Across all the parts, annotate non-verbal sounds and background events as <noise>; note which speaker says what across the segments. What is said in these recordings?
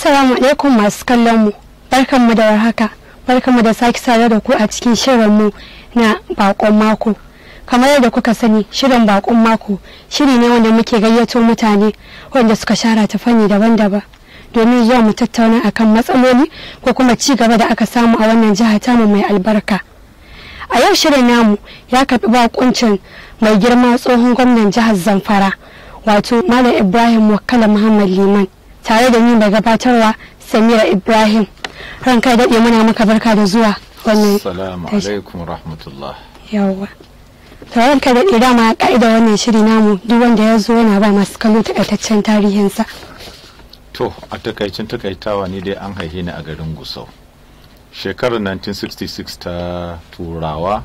Speaker 1: Assalamu alaikum masu kallon mu. Barkanmu da warhaka. mu da sake sare da ku a cikin shirin mu na bakon mako. Kamar yadda kuka sani, shirin bakon mako shiri ne wanda muke gayyato mutane wanda suka shara ta fanni daban-daban. domin zuwa mu tattauna akan matsaloli ko kuma ci gaba da aka samu a wannan jiha tamu mai albarka. A yau shirin namu ya karɓi bakuncin mai girma tsohon gwamnan jihar Zamfara wato Malam Ibrahim Wakala Muhammad Liman. tare da ni mai gabatarwa samira ibrahim ranka daɗe muna maka barka da zuwa
Speaker 2: wannan salamu alaikum rahmatullah
Speaker 1: yawwa to ranka daɗe dama wannan shiri namu duk wanda ya zo yana ba masu kallo takaitaccen tarihinsa
Speaker 2: to a takaicin takaitawa ne dai an haife ni a garin gusau shekarar 1966 ta turawa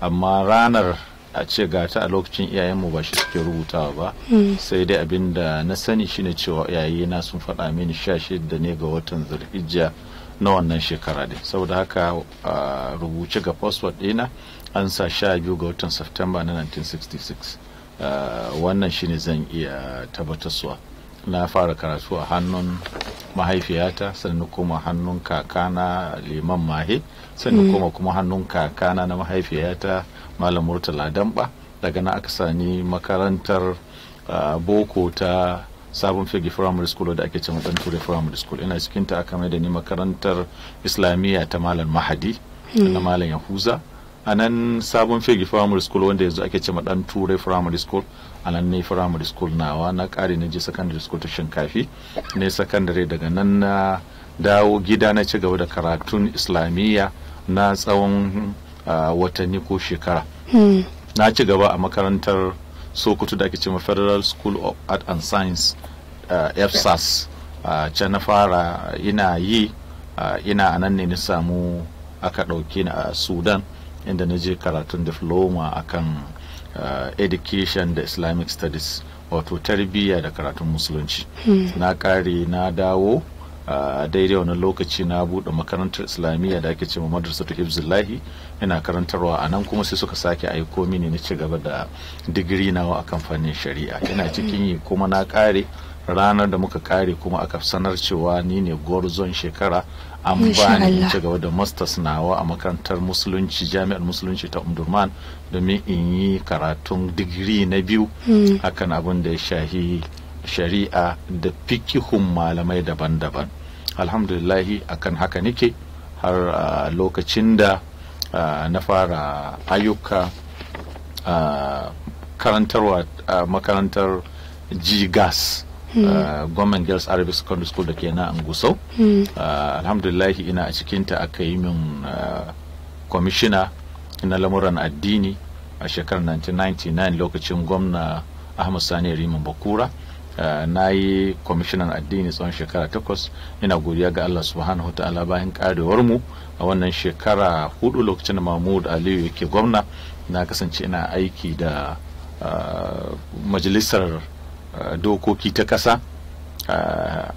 Speaker 2: amma ranar a ce gata a lokacin mu ba shi suke rubutawa ba hmm. sai dai abin da na sani shine cewa na sun faɗa mini sha shida ne ga watan zulhijja na wannan shekara din saboda haka rubuce ga fasfot ɗina an sa sha biyu ga watan september na 1966 wannan shine zan iya tabbatarwa na fara karatu a hannun mahaifiyata sannan kuma hannun kakana liman mahe sannan hmm. kuma kuma hannun kakana na mahaifiyata malam murtala damba daga na aka sani makarantar boko ta sabon fegi primary school da ake cewa dan ture firamare school ina cikin ta aka mai da ni makarantar islamiyya ta malam mahadi hmm. na malam yahuza a sabon fegi primary school wanda yanzu ake cewa dan ture primary school a nan ne primary school nawa na kare na je secondary school ta shinkafi ne secondary daga nan na dawo gida na ci gaba da karatun islamiyya na tsawon a watanni ko shekara hmm. na ci gaba a makarantar sokoto da ake cewa federal school of art and science uh, fsas can na fara ina yi ina a nan ne na samu aka ɗauke ni a sudan inda na je karatun diploma akan education da islamic studies wato tarbiyya da karatun musulunci hmm. na ƙare na dawo a daidai wannan lokaci na buɗe makarantar islamiyya da ake cewa ta hibzullahi ina karantarwa a nan kuma sai suka sake aiko mini na ci gaba da digiri nawa a kamfanin shari'a ina cikin yi kuma na kare ranar da muka kare kuma aka sanar cewa ni ne gwarzon shekara an bani in ci gaba da masters nawa a makarantar musulunci jami'ar musulunci ta umdurman domin in yi karatun digiri na biyu hmm. hakan abin da ya shahi shari'a da fikihun malamai daban-daban alhamdulillahi akan haka nake har uh, lokacin da uh, na fara ayyuka uh, karantarwa uh, makarantar G gas. Uh, hmm. Gwamnan Girls Arabic Secondary School da ke na Angusau. Mm. Uh, alhamdulillahi ina a cikinta aka yi min kwamishina uh, na lamuran addini a shekarar 1999 lokacin gwamna Ahmad Sani Rimin Bakura. Eh, na yi kwamishinan addini tsawon shekara takwas ina godiya ga allah subhanahu wa ta'ala bayan karewar mu a wannan shekara hudu lokacin da mahmud aliyu yake gwamna na kasance ina aiki da eh, majalisar eh, dokoki ta kasa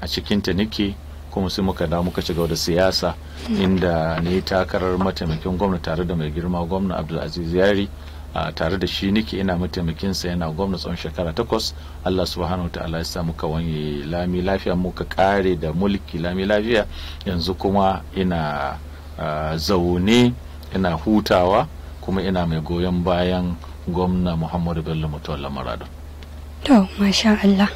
Speaker 2: a cikinta nake kuma sai muka da muka shiga da siyasa hmm. inda ne takarar mataimakin gwamna tare da mai girma gwamna abdulaziz yari tare da shi niki ina mataimakinsa yana gwamna tsawon shekara takwas Allah subhanahu wa ta'ala ya sa muka wani lami lafiya muka kare da mulki lami lafiya yanzu kuma ina zaune ina hutawa kuma ina mai goyon bayan gwamna Muhammadu Bello Mutuwar Marado.
Speaker 1: To, masha Allah.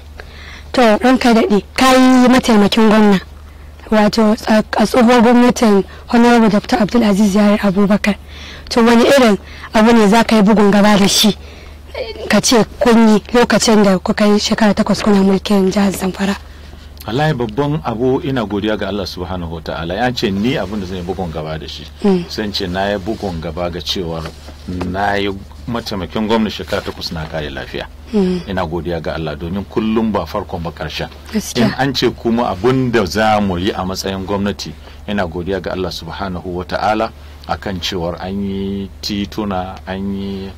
Speaker 1: To, ranka daɗe, ka yi mataimakin gwamna. wato a tsohon gwamnatin honorable dr abdulaziz yari abubakar to wani irin abu ne za ka yi bugun gaba da shi ka ce kunyi lokacin da kuka yi shekara takwas kuna mulkin jihar zamfara
Speaker 2: wallahi babban abu ina godiya ga Allah subhanahu wa ta'ala ya ce ni abin da zan yi bugun gaba da shi sai mm. ce na yi bugun gaba ga cewar na yi mataimakin gwamnati shekara takwas na kare lafiya Mm. ina godiya ga Allah domin kullum ba farkon ba karshen in an ce kuma abun da za mu yi a matsayin gwamnati ina godiya ga Allah subhanahu wa ta'ala akan cewar an yi tituna an yi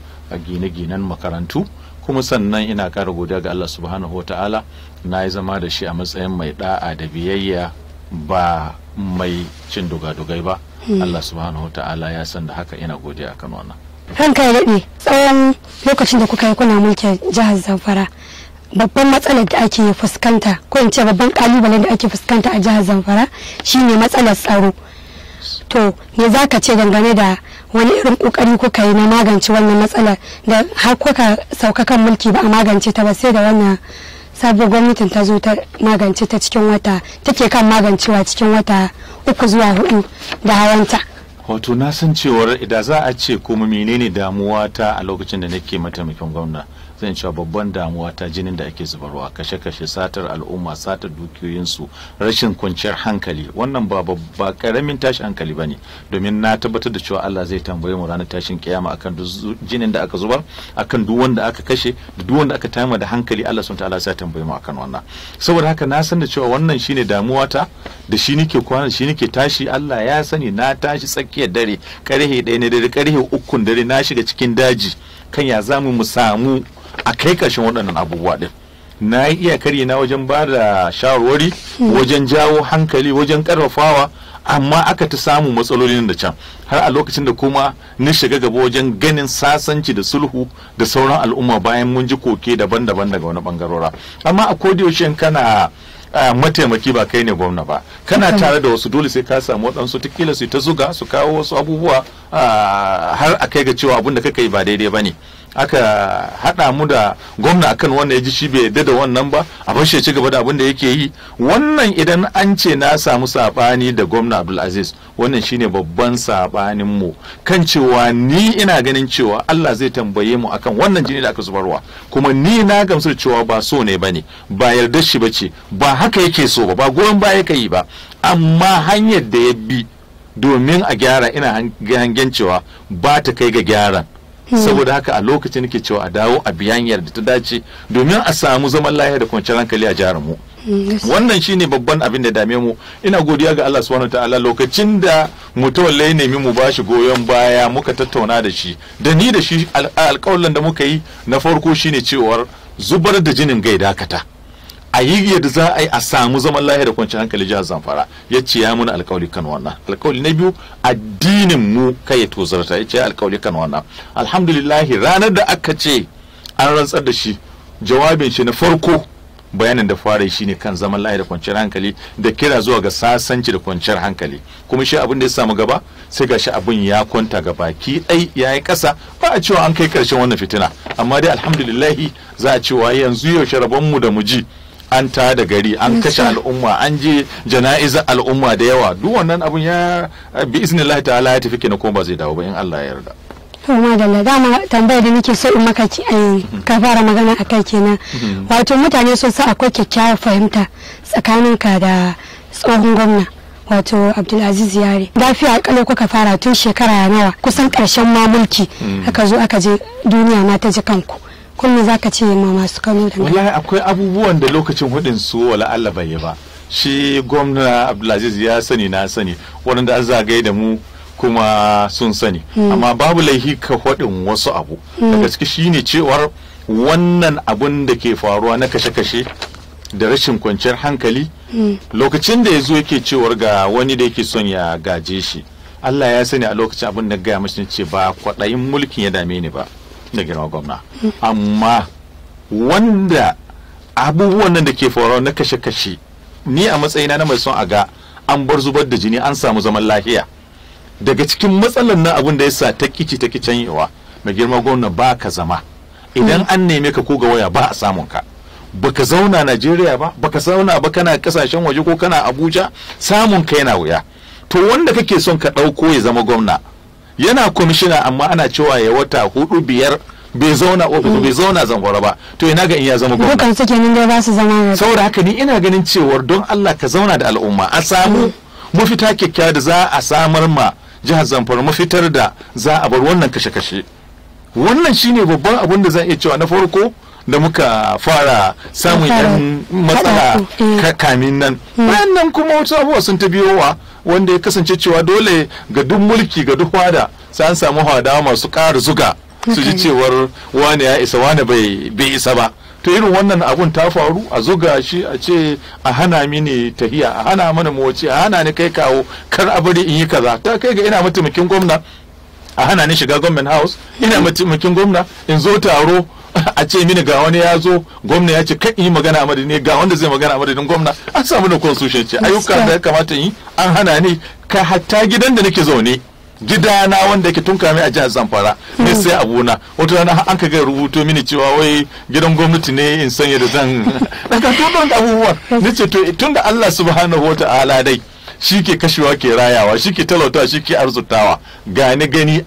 Speaker 2: gine-ginen makarantu kuma sannan ina kara godiya ga Allah subhanahu wa ta'ala na yi zama da shi a matsayin mai da'a da biyayya ba mai cin dogadogai ba mm. Allah subhanahu wa ta'ala ya san da haka ina godiya akan wannan
Speaker 1: Hanka ya tsawon lokacin da kuka yi kuna mulkin jihar zamfara babban matsalar da ake fuskanta ko in ce babban kalubalen da ake fuskanta a jihar zamfara shine matsalar tsaro to me za ka ce dangane da wani irin kokari kuka yi na magance wannan matsalar da har kuka sauka kan mulki ba a magance ta ba sai da wannan sabuwar gwamnatin ta zo ta magance ta cikin wata take kan magancewa cikin wata uku zuwa hudu da hawanta
Speaker 2: wato na san cewar idan za a ce kuma menene damuwa ta a lokacin da nake mataimakin gwamna sanin cewa babban damuwa ta jinin da ake zubarwa kashe-kashe satar al'umma satar dukiyoyinsu rashin kwanciyar hankali wannan ba ba karamin tashi hankali ba ne domin na tabbatar da cewa Allah zai tambaye mu ranar tashin kiyama akan duk jinin da aka zubar akan duk wanda aka kashe da duk wanda aka tayar da hankali Allah subhanahu ta'ala zai tambaye mu akan wannan saboda haka na san da cewa wannan shine damuwa ta da shi nake kwana shi nake tashi Allah ya sani na tashi tsakiyar dare karhe ɗaya ne dare karhe ukun dare na shiga cikin daji kan ya zamu mu samu a kai kashin waɗannan abubuwa ɗin na yi iya karye na wajen ba da shawarwari wajen jawo hankali wajen karfafawa amma aka ta samu matsalolin da can har a lokacin da kuma na shiga gaba wajen ganin sasanci da sulhu da sauran al'umma bayan mun ji koke daban-daban daga wani bangarora amma a kodiyaushe kana mataimaki ba kai ne gwamna ba kana tare da wasu dole sai ka samu waɗansu tikila su ta zuga su kawo wasu abubuwa har a kai ga cewa abin da kai ba daidai ba ne aka haɗa mu da gwamna akan wannan ya ji shi bai yadda da wannan ba a bashi ci gaba da abin da yake yi wannan idan an ce na samu saɓani da gwamna abdulaziz wannan shine babban saɓanin mu kan cewa ni ina ganin cewa allah zai tambaye mu akan wannan jini da aka zubarwa kuma ni na gamsu da cewa ba so ne bane ba yarda shi bace ba haka yake so ba ba goyon baya yake yi ba amma hanyar da ya bi domin a gyara ina hangen cewa ba ta kai ga gyaran Hmm. saboda haka a lokacin nake cewa a dawo a biyanyar da ta dace domin a samu zaman lafiya da kwanciyar hankali a jihar mu hmm, wannan shine babban abin da dame mu ina godiya ga Allah subhanahu ta'ala lokacin da mutawalla ya nemi mu bashi goyon baya muka tattauna da shi da ni da shi alƙawalan da muka yi na farko shine cewar zubar da jinin gai dakata a yi yadda za a yi a samu zaman lahiya da kwanciyar hankali jihar zamfara ya ce ya muna alkawali kan wannan alkawali na biyu addinin mu kai ya tozarta ya ce ya alkawali kan wannan Alhamdulillahi ranar da aka ce an rantsar da shi jawabin shi na farko bayanin da fara shi ne kan zaman lahiya da kwanciyar hankali da kira zuwa ga sasanci da kwanciyar hankali kuma shi abin da ya samu gaba sai gashi abin ya kwanta ga baki ɗai ya yi ƙasa ba a cewa an kai ƙarshen wannan fitina amma dai alhamdulillahi za a cewa yanzu yaushe rabonmu da mu ji an ta da gari an kashe al'umma an je jana'izar al'umma da yawa duk wannan abun ya bi iznillah ta'ala ya tafi kenan kuma ba zai dawo ba in Allah ya yarda
Speaker 1: to madalla ma tambaya da nake so in maka ki ai mhm. ka fara magana akai kenan mhm. wato mutane sun sa akwai kyakkyawar fahimta tsakanin ka da tsohon gwamna wato abdulaziz yare lafiya kalo kuka fara tun shekara nawa kusan karshen mamulki mhm. aka zo aka je duniya na ta ji kanku kullum zaka ce ma masu Kano da wallahi
Speaker 2: akwai abubuwan da lokacin hudin su wala Allah bai yi ba shi gwamna Abdulaziz ya sani na sani Wadanda an zagaye da mu kuma sun sani hmm. amma babu laihi ka hudin wasu abu hmm. daga ciki shine cewar wannan abun da ke faruwa na kashe-kashe da rashin kwanciyar hankali hmm. lokacin da ya zo yake cewar ga wani da yake son ya gaje shi Allah ya sani a lokacin abin da gaya mashi ce ba kwaɗayin mulkin ya dame ni ba da girma gwamna amma wanda abubuwan nan da ke faruwa na kashe-kashe ni a matsayina na mai son a ga an bar zubar da jini an samu zaman lafiya daga cikin matsalar nan abun da ya sa ta kici ta kicen yawa mai girma gwamna ba ka zama idan mm. an neme ka ko ga waya ba a samun ka baka zauna Najeriya ba baka zauna ba kana kasashen waje ko kana Abuja samun ka yana wuya to wanda kake son ka ɗauko ya zama gwamna yana kwamishina amma ana cewa ya wata hudu biyar bai zauna ofis bai mm. zauna ba to ina ga in ya zama gwamna
Speaker 1: dukkan suke nin dai ba su zama saboda haka
Speaker 2: ni ina ganin cewar don Allah ka zauna da al'umma a samu mm. mafita kyakkyawa da za a samar ma jihar Zamfara mafitar da za a bar wannan kashe-kashe wannan shine babban abun da zan iya cewa na farko da muka fara samun yan matsala eh. kamin nan hmm. bayan nan kuma wasu abubuwa sun ta biyowa wanda ya kasance cewa dole ga duk mulki ga duk wada sai an samu hadawa masu ƙara zuga su ji cewar wane ya isa wane bai isa ba to irin wannan abun ta faru a zuga shi a ce a hana mini tahiya a hana mana moci a hana ni kai kawo kar a bari in yi kaza ta kai ga ina mataimakin gwamna a hana ni shiga government house ina hmm. mataimakin gwamna in zo taro <laughs> a ce mini ga wani ya zo gwamna ya ce kan yi magana a madadin ga wanda zai magana a madadin gwamna an samu na constitution ce ayyuka da ya kamata yi an hana ni ka hatta gidan da nake zaune gidana wanda yake tun kame a jihar zamfara ne hmm. sai abuna wata rana an ka ga rubuto mini cewa wai gidan gwamnati ne in sanya da zan <laughs> daga tuban abubuwan ce to tun da Allah subhanahu ta'ala dai shi ke kashewa ke rayawa shi ke talautawa shi ke arzutawa gani gani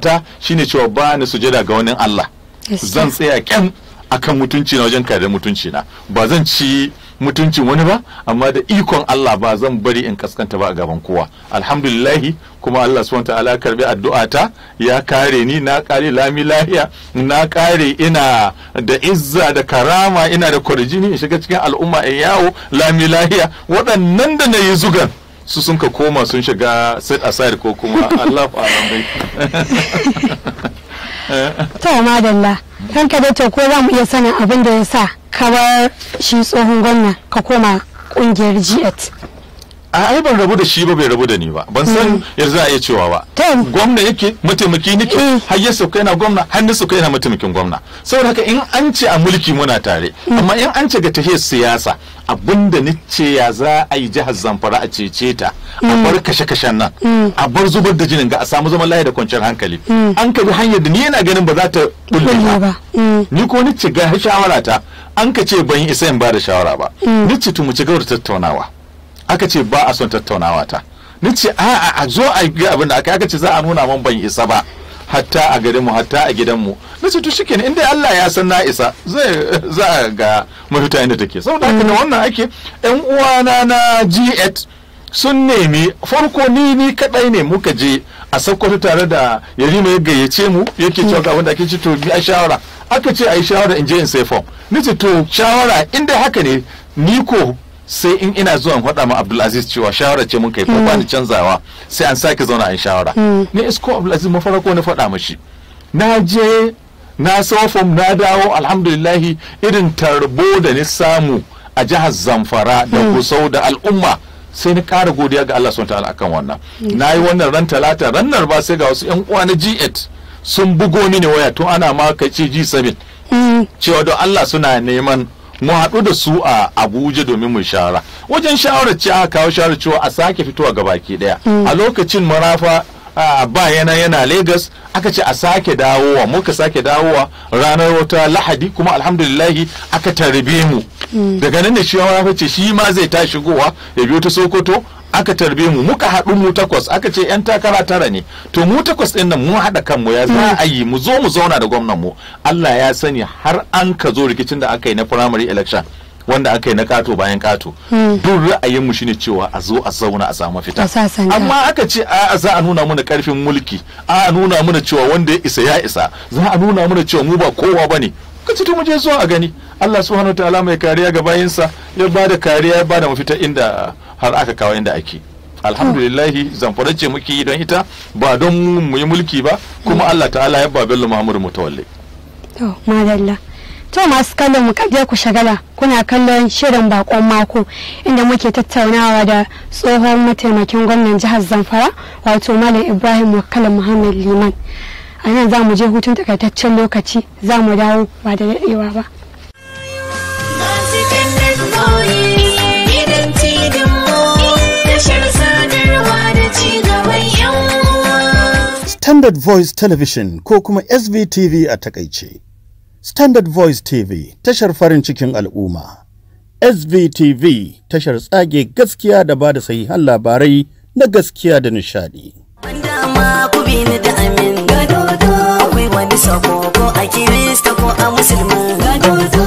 Speaker 2: ta shine cewa ba ni sujada ga wani Allah zan tsaya kyan akan mutunci na wajen kare mutunci na ba zan ci mutuncin wani ba amma da ikon Allah ba zan bari in kaskanta ba a gaban kowa alhamdulillahi kuma Allah subhanahu ta'ala karbi addu'ata ya kare ni na kare lami lahiya na kare ina da izza da karama ina da kwarjini in shiga cikin al'umma in yawo lami lahiya waɗannan da na yi zugan su sun ka koma sun shiga set aside ko kuma <laughs> Allah fa'alam dai
Speaker 1: <laughs> ta madalla kan ka da ko za mu iya sanin abin da ya sa ka bar shi tsohon gwamna ka koma kungiyar gx.
Speaker 2: ai ban rabu da shi ba bai rabu da ni ba ban san mm. yanzu za a iya cewa ba gwamna yake mataimaki nake mm. har ya sauka yana gwamna har na sauka yana mataimakin gwamna saboda haka in an ce a mulki muna tare mm. amma in an ce ga tahiyar siyasa abinda ni ce ya za a yi jihar zamfara a cece ta a bar kashe-kashen nan a bar zubar da jinin ga a samu zaman lafiya da kwanciyar hankali an kabi hanyar da ni yana ganin ba za ta bulle ba ni ko ni ce ga shawara ta an ka ce ban isa in ba da shawara ba ni ce tumu mu ci gaba da tattaunawa aka ce ba a son tattaunawa ta ni ce a'a a zo a yi abin da aka aka ce za a nuna mun ban isa ba hatta a mu hatta a mu na ce to shikenan inda Allah ya san na isa zai za ga mafita inda take saboda haka wannan ake yan uwana na G8 sun nemi farko ni ni kadai ne muka je a sakkwato tare da yarima ya gayyace mu yake cewa ga wanda ake ce to bi a shawara aka ce a yi shawara in je in sai fom. ni ce to shawara inda haka ne ni ko sai in ina zuwa in faɗa ma Abdulaziz cewa shawara ce mun kai ko ba mm. canzawa sai an sake zauna an shawara mm. ne isko Abdulaziz mafarko na faɗa mashi na je na sofom na dawo alhamdulillahi irin tarbo da ni samu a jihar Zamfara da mm. Gusau da al'umma sai ni kara godiya ga Allah subhanahu ta'ala akan wannan na yi wannan ran talata rannar ba sai ga wasu yan uwa na G8 sun bugo mini waya tun ana ma kai G7 cewa don Allah suna neman mu haɗu da su a abuja domin mu shara wajen shawarar ce aka kawo shawarar cewa a sake fitowa ga baki ɗaya mm. a lokacin marafa ba yana yana Legas aka ce a sake dawowa muka sake dawowa ranar wata lahadi kuma alhamdulillahi aka tarbe mu mm. daga nan da shi marafa ce shi ma zai ta shigowa ya biyo ta sokoto aka tarbe mu muka haɗu mu takwas aka ce yan takara tara ne to mu takwas ɗin nan mu haɗa kanmu ya za a yi mu zo mu zauna da gwamnan mu Allah ya sani har an ka zo rikicin da aka yi na primary election wanda aka yi na kato bayan kato hmm. duk ra'ayin mu shine cewa a zo a zauna a samu fita
Speaker 1: amma aka ce
Speaker 2: a za a nuna mana karfin mulki a nuna mana cewa wanda ya isa ya isa za a nuna mana cewa mu ba kowa bane ka to mu je zuwa a gani Allah subhanahu wa ta'ala mai kariya ga bayinsa ya bada kariya ya bada mafita inda har aka kawo inda ake alhamdulillahi zamfara ce muke yi don ita ba don mu yi mulki ba kuma mm. Allah ta'ala ya babello muhammad Mutawalle
Speaker 1: to madalla to masu kallon mu kaje ku shagala kuna kallon shirin bakon mako inda muke tattaunawa da tsohon mataimakin gwamnan jihar Zamfara wato Malam Ibrahim Wakala Muhammad Liman a nan za mu je hutun takaitaccen lokaci za mu dawo ba da daɗewa ba
Speaker 2: Standard Voice Television ko kuma SVTV a takaice. Standard Voice TV tashar farin cikin al'umma. SVTV tashar tsage gaskiya da ba da sahihan labarai na gaskiya da nishadi.
Speaker 1: Wanda ma ku bi ni da amin gado wani sako ko a kirista ko a musulmi gado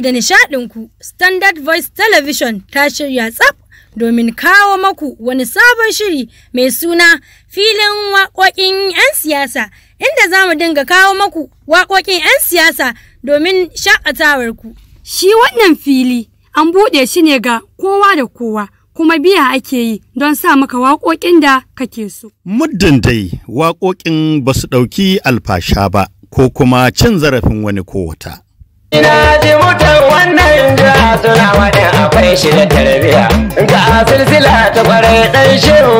Speaker 1: da nishaɗinku, Standard Voice Television ta shirya tsaf domin kawo maku wani sabon shiri mai suna filin waƙoƙin 'yan siyasa, inda za mu dinga kawo maku waƙoƙin 'yan siyasa domin shaƙatawarku. Shi wannan fili an buɗe shi ne ga kowa da kowa. kuma biya ake yi don sa maka waƙoƙin da kake so.
Speaker 2: Muddin dai waƙoƙin ba su ɗauki alfasha ba ko kuma cin zarafin wani kowata. Ina
Speaker 1: ji mutan wannan jiha suna waɗin akwai shi da tarbiya. Ga silsila ta kwarai ɗan shehu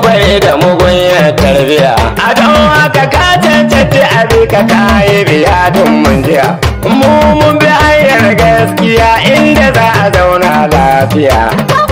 Speaker 1: da mugunyar tarbiya. A don ka ka cancanci a bi ka kayi biya tun mun jiya. Mu mun bi hanyar gaskiya inda za a zauna lafiya.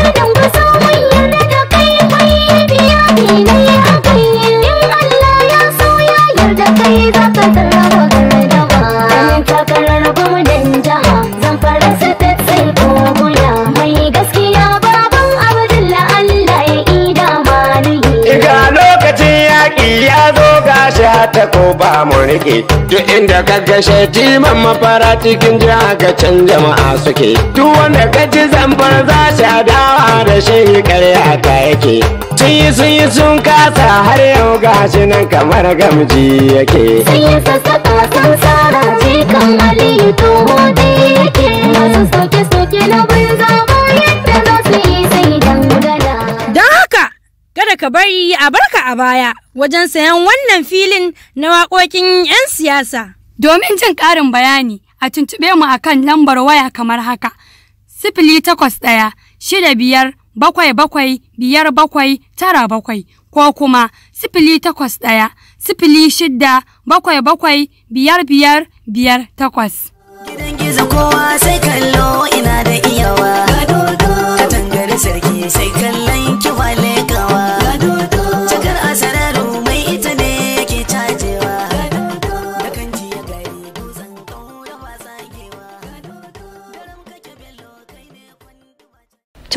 Speaker 1: ta ko ba mu rike duk inda ka ga shetiman mafara cikin jiha ka can jama'a suke duk wanda ka ji zambar za shi adawa da shi karya ta yake sun yi sun yi sun kasa har yau gashi nan kamar gamji yake sun yi sassaƙa sun tsara jikan aliyu da yake masu soke-soke na ka bari a barka a baya wajen sayan wannan filin na waƙoƙin 'yan siyasa. Domin jin ƙarin bayani a tuntuɓe mu akan lambar waya kamar haka. Sifili takwas ɗaya shida biyar bakwai bakwai biyar bakwai tara bakwai ko kuma sifili takwas ɗaya sifili shida bakwai bakwai biyar biyar biyar takwas. Gidan gizo kowa sai kallo ina da iyawa. Ka tangare sarki sai kallon kiwa lekawa.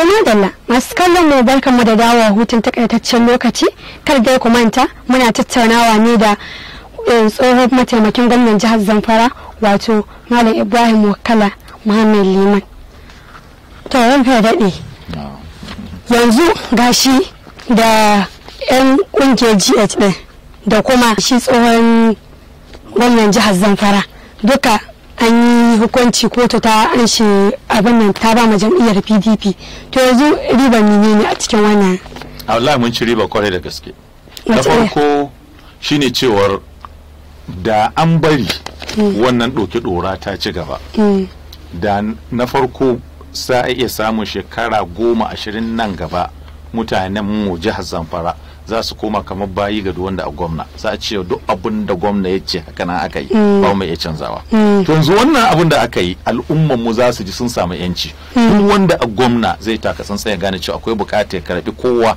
Speaker 1: To dala masu kallon mu barkan mu da dawowa hutun takaitaccen lokaci kar dai ku manta muna tattaunawa ne da eh, tsohon mataimakin gwamnan jihar Zamfara wato Malam Ibrahim Wakala Muhammad Liman. To wani daɗe. Yanzu gashi da 'yan ƙungiyar GH ɗin da kuma shi tsohon gwamnan jihar Zamfara duka an yi yi hukunci kotu ta an shi abin nan ta ba ma jam'iyyar pdp to yanzu riba ne ne a cikin wannan
Speaker 2: Allah mun ci riba kwarai da gaske na farko shine cewar da an bari hmm. wannan ɗoke ɗora ta ci gaba hmm. da na farko sa iya samun shekara goma ashirin nan gaba mutanen mu jihar zamfara za su koma kamar bayi ga duk wanda a gwamna za a ce duk abin da gwamna ya ce haka nan aka yi hmm. ba mu iya canzawa hmm. to yanzu wannan abin da aka yi al'umman mu za su ji sun samu yanci hmm. duk wanda a gwamna zai taka tsantsa ya gane cewa akwai bukatar ya karbi kowa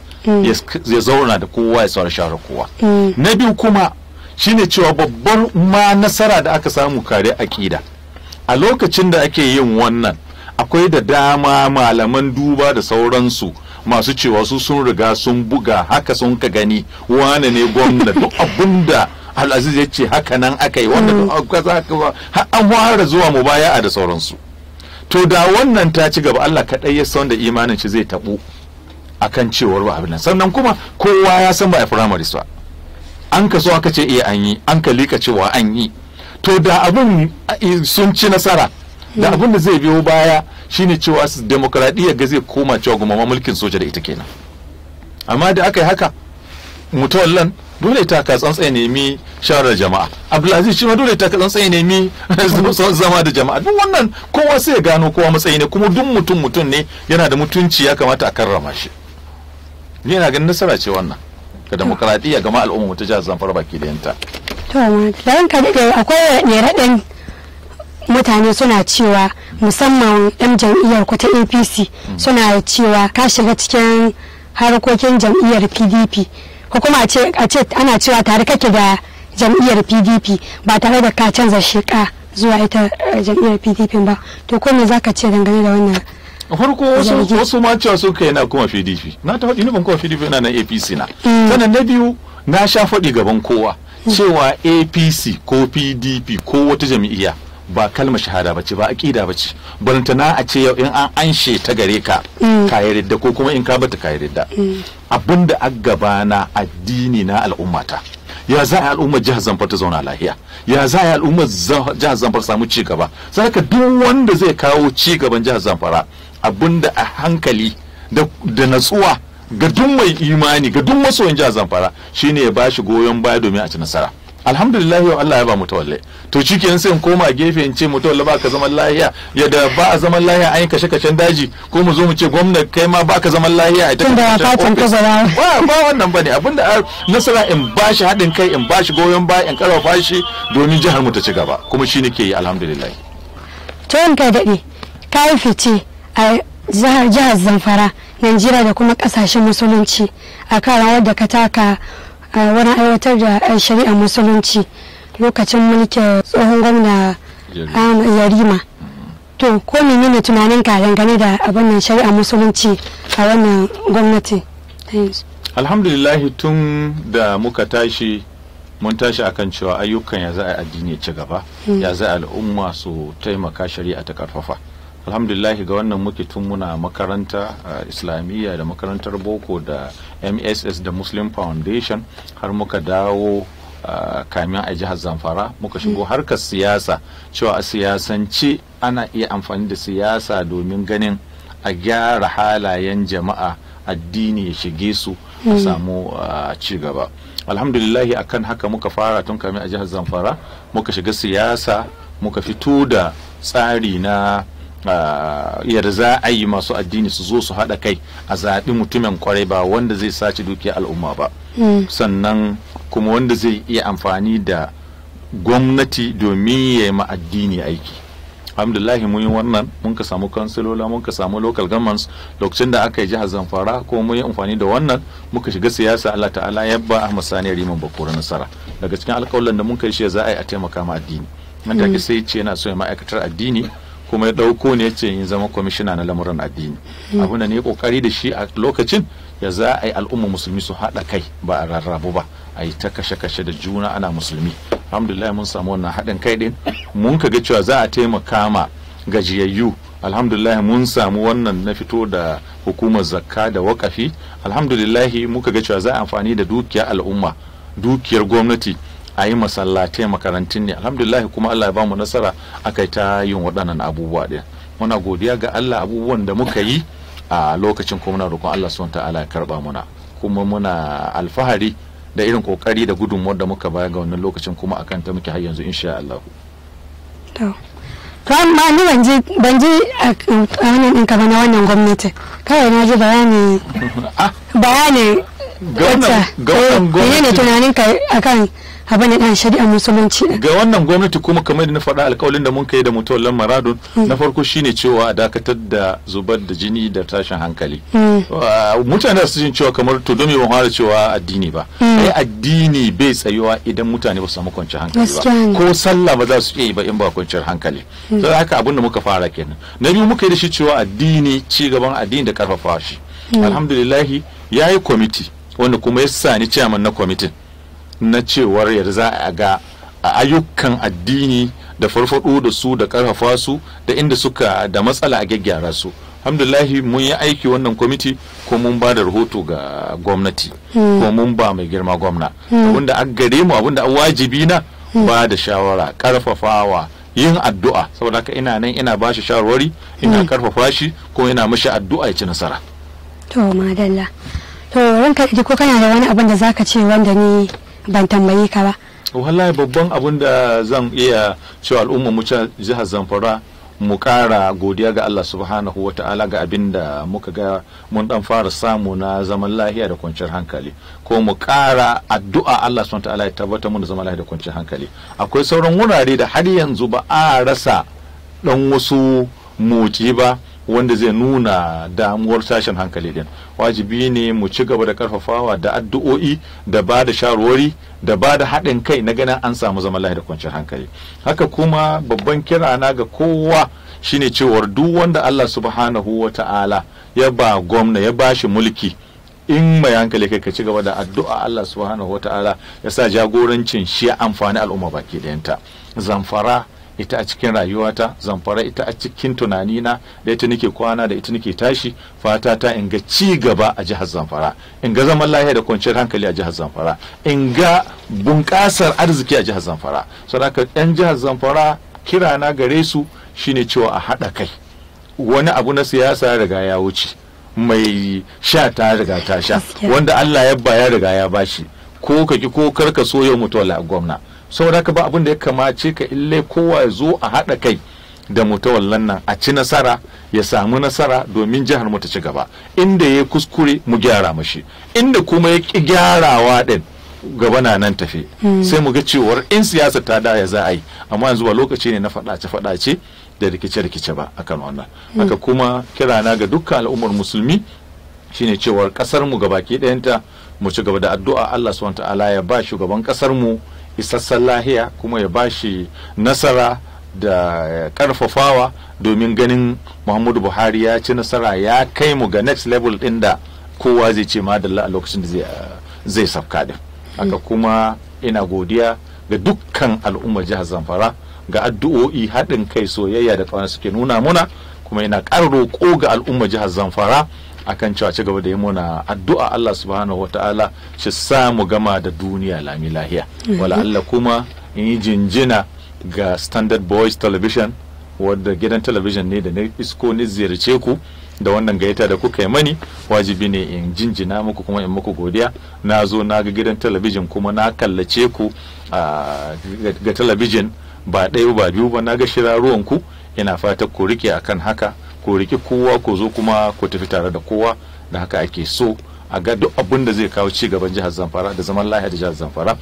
Speaker 2: ya zauna da kowa ya saurari shawarar kowa na biyu kuma shine cewa babbar ma nasara da aka samu kare akida a lokacin da ake yin wannan akwai da dama malaman duba da sauransu masu cewa su sun riga sun buga haka sun ka gani wane ne gwamna duk abinda al'aziz ya ce haka nan aka yi wanda an fara zuwa mu baya a da sauransu to da wannan ta ci gaba Allah kaɗai ya san da imanin shi zai taɓo akan cewar ba abin nan sannan kuma kowa ya san ba a firamare ba an ka so aka ce iya eh, an yi an ka lika cewa an yi to da abin eh, sun ci nasara da hmm. abin da zai biyo baya shine cewa demokradiyya ga zai koma cewa gumama mulkin soja da ita kenan amma da aka yi haka mutawallan dole ta ka tsantsaye nemi shawarar jama'a abdulaziz shi ma dole ta ka tsantsaye nemi <laughs> zama da jama'a duk wannan kowa sai ya gano kowa matsayi ne kuma duk mutum mutum ne yana da mutunci ya kamata a karrama shi ni yana ganin nasara ce wannan ga demokradiyya gama al'umma mu ta jihar zamfara baki da yanta
Speaker 1: to dan ka akwai ne raɗin mutane suna cewa musamman 'yan jam'iyyar ku ta apc mm. suna cewa ka shiga cikin harkokin jam'iyyar pdp ko kuma a ce ana cewa tare kake da jam'iyyar pdp ba tare da ka canza sheka zuwa ita eh, jam'iyyar pdp ba to kome me za ka ce dangane da wannan a farko wasu
Speaker 2: ma cewa su kai na kuma pdp na ta faɗi ni ban kuma pdp na na apc na sannan na biyu na sha faɗi gaban kowa mm. cewa apc ko pdp ko wata jam'iyya ba kalmar shahada ba ce ba aƙida ba ce balantana a ce yau in an anshe ta gare ka mm. ka yarda ko kuma in ka bata ka yarda mm. abinda a gaba na addini na al'ummata ya za a al'ummar jihar zamfara ta zauna lahiya ya za a al'ummar jihar zamfara samu ci gaba sai ka duk wanda zai kawo ci gaban jihar zamfara abinda a hankali da natsuwa ga duk mai imani ga duk masoyin jihar zamfara shine ya bashi goyon baya domin a ci nasara alhamdulillah yau Allah ya ba mu tawalle to shikenan sai in koma gefe in ce mu tawalle ba ka zaman lahiya ya da ba a zaman lahiya an yi kashe kashen daji ko mu zo mu ce gwamna kai ma ba ka zaman lahiya a tun da fatan kasa ba ba wannan bane abinda nasara in bashi haɗin kai in bashi goyon baya in karawa bashi domin jihar mu ta ci gaba kuma shi nake yi alhamdulillah
Speaker 1: to in ka dade ka yi fice a jihar zamfara Najeriya da kuma kasashen musulunci a kan rawar da ka taka A wurin aiwatar da shari'a musulunci lokacin mulkin tsohon gwamna yarima um, to ko menene tunanin ka dangane da abin shari'a musulunci a wannan gwamnati
Speaker 2: alhamdulillahi tun da muka tashi mun tashi akan cewa ayyukan ya za a addini ya ci gaba hmm. ya za al'umma su taimaka shari'a ta karfafa alhamdulillahi ga wannan muke tun muna makaranta islamiyya da makarantar boko da mss da muslim foundation har muka dawo kamin a jihar zamfara muka shigo harka mm. harkar siyasa cewa a siyasance ana iya amfani da siyasa domin ganin a gyara halayen jama'a addini ya shige su a mm. samu cigaba ci gaba alhamdulillahi akan haka muka fara tun kamin a jihar zamfara muka shiga siyasa muka fito da tsari na yarda yi masu addini su zo su haɗa kai a zaɓi mutumin kwarai ba wanda zai sace dukiya al'umma ba hmm. sannan kuma wanda zai iya amfani da gwamnati domin ya yi ma addini aiki alhamdulahi mun yi wannan mun ka samu kansilola mun ka samu local governments lokacin da aka yi jihar zamfara ko mun yi amfani da wannan muka shiga siyasa allah ta'ala ya ba ahmad sani riman bakura nasara daga cikin alƙawalan da mun kai shi za a yi a taimaka ma addini nan take hmm. sai ce yana so ya ma'aikatar addini kuma ya ɗauko ne ce in zama kwamishina na lamuran addini hmm. abu da ne kokari da shi a lokacin ya za a yi al'umma musulmi su haɗa kai ba a rarrabu ba a yi ta kashe-kashe da juna ana musulmi alhamdulillah mun samu wannan haɗin kai ɗin mun kaga cewa za a taimaka ma gajiyayyu alhamdulillah mun samu wannan na fito da hukumar zakka da wakafi alhamdulillah muka ga cewa za a amfani da dukiyar al'umma dukiyar gwamnati a yi masallatai makarantun ne alhamdulillah kuma Allah ya ba mu nasara akai ta yin waɗannan abubuwa ɗaya muna godiya ga Allah abubuwan da muka yi a lokacin kuma muna roƙon Allah subhanahu ta'ala ya karɓa muna kuma muna alfahari da irin kokari da gudunmuwar da muka baya ga wannan lokacin kuma akan ta muke har yanzu insha Allah
Speaker 1: to amma ni ban ji ban ji a kanin in ka bana wannan gwamnati kawai na ji bayani <laughs> ah. bayani eh, gwamnati ne tunanin ka akan a bane dan shari'a musulunci
Speaker 2: ga wannan gwamnati kuma kamar da na faɗa alkawalin da mun kai da lamar radon mm. na farko shine cewa a dakatar da zubar da jini da tashin hankali mm. uh, mutane su jin cewa kamar to don yawan fara cewa addini ba mm. ai addini bai tsayuwa idan mutane ba su samu kwanciyar hankali ba ko sallah ba za su iya yi ba in ba kwanciyar hankali sai haka abin da muka fara kenan na biyu muka yi da shi cewa addini ci gaban addini da karfafa shi alhamdulillahi ya yi kwamiti wanda kuma ya sani ciyaman na kwamitin na cewar yadda za a ga ayyukan addini da farfaɗo da su da karfafa su da inda suka da matsala a gyaggyara su alhamdulahi mun yi aiki wannan kwamiti ko mun ba da rahoto ga gwamnati hmm. ko mun ba mai girma gwamna hmm. abinda an gare mu abinda an wajibi na hmm. ba da shawara karfafawa yin addu'a saboda haka ina nan ina ba shi shawarwari ina karfafa shi ko ina mashi addu'a ya ci nasara
Speaker 1: to madalla to ranka ko kana da wani abin da zaka ce wanda ni ban tambaye ka ba
Speaker 2: wallahi babban abun da zan iya cewa al'umma mu jihar zamfara mu kara godiya ga Allah subhanahu wa ta'ala ga abin da muka ga mun dan fara samu na zaman lahiya da kwanciyar hankali ko mu kara addu'a Allah subhanahu wa ta'ala ya tabbatar mun da zaman lahiya da kwanciyar hankali akwai sauran wurare da har yanzu ba a rasa dan wasu moci ba wanda zai nuna damuwar tashin hankali din wajibi ne mu ci gaba da karfafawa da addu'o'i da ba da shawarwari da ba da haɗin kai na ganin an samu zaman lahi da kwanciyar hankali haka kuma babban kira na ga kowa shine cewar duk wanda Allah subhanahu wa ta'ala ya ba gwamna ya ba shi mulki in mai hankali kai ka ci gaba da addu'a Allah subhanahu wa ta'ala ya sa jagorancin shi ya amfani al'umma baki ɗayanta zamfara ita a cikin rayuwata zamfara ita a cikin tunanina da ita nake kwana da ita nake tashi fata ta in ga ci gaba a jihar zamfara in ga zaman lahiya da kwanciyar hankali a jihar zamfara in ga bunƙasar arziki a jihar zamfara saboda yan jihar zamfara kira na gare su shine cewa a haɗa kai wani abu na siyasa ya riga ya wuce mai sha ta riga ta sha wanda Allah ya ba ya riga ya bashi ko ka ki ko karka so yau mutuwa gwamna saboda haka ba abin da ya kamace ka illai kowa ya zo a haɗa kai da mutawallan nan a ci nasara ya samu nasara domin jihar mu ta ci gaba inda ya kuskure mu gyara mashi inda kuma ya ki gyarawa din gaba na nan tafi hmm. sai mu ga cewar in siyasa ta da ya za a yi amma yanzu ba lokaci ne na faɗace faɗace da rikice rikice ba akan wannan hmm. haka kuma kirana ga dukkan al'ummar musulmi shine cewar kasar mu gabaki ɗayanta mu ci gaba da addu'a Allah subhanahu wa ta'ala ya ba shugaban ƙasar mu isassan lahiya kuma ya bashi nasara da karfafawa domin ganin muhammadu buhari ya ci nasara ya kai mu ga next level din da kowa zai ce madalla a lokacin da zai safka din haka mm. kuma ina godiya ga dukkan al'ummar jihar zamfara ga addu'o'i haɗin kai soyayya da ƙauna suke nuna muna kuma ina ƙara roƙo ga al'ummar jihar zamfara akan cewa ci gaba da yi muna addu'a Allah subhanahu ta'ala shi mu gama da duniya lami lahiya wala Allah kuma in yi jinjina ga Standard Boys Television wadda gidan television ne da na isko ni ziyarce ku da wannan gaita da kuka yi mani wajibi ne in jinjina muku kuma in muku godiya na zo na ga gidan television kuma na kallace ku ga television ba ɗaya ba biyu ba na ga shiraruwan ina fata ku rike akan haka ku rike kowa ku zo kuma ku tafi tare da kowa da haka ake so a ga duk abin da zai kawo ci gaban jihar Zamfara da zaman lafiya da jihar Zamfara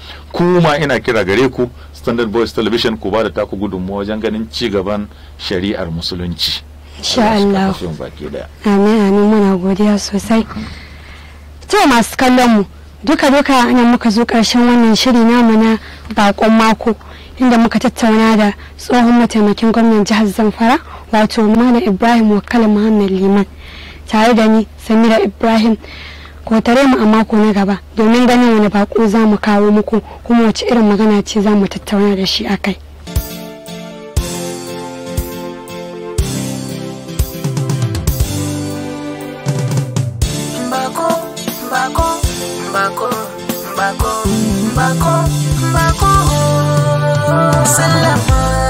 Speaker 2: ma ina kira gare ku Standard boys Television ku ba da taku gudunmawa wajen ganin ci gaban shari'ar musulunci
Speaker 1: insha Allah amin amin muna godiya sosai to masu kallon mu duka duka anan muka zo karshen wannan shiri namu na bakon mako inda muka tattauna da tsohon mataimakin gwamnan jihar Zamfara wato mana ibrahim wakala muhammad liman tare da ni samira ibrahim ko tare mu a mako na gaba domin ganin wani bako za mu kawo muku kuma wace irin magana ce za mu tattauna da shi akai. kai bako